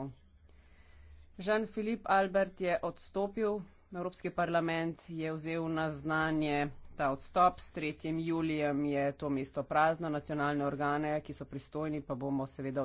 Evropo. Jean-Philippe Albert je odstopil, Evropski parlament je vzel na znanje ta odstop, s 3. julijem je to mesto prazno, nacionalne organe, ki so pristojni, pa bomo seveda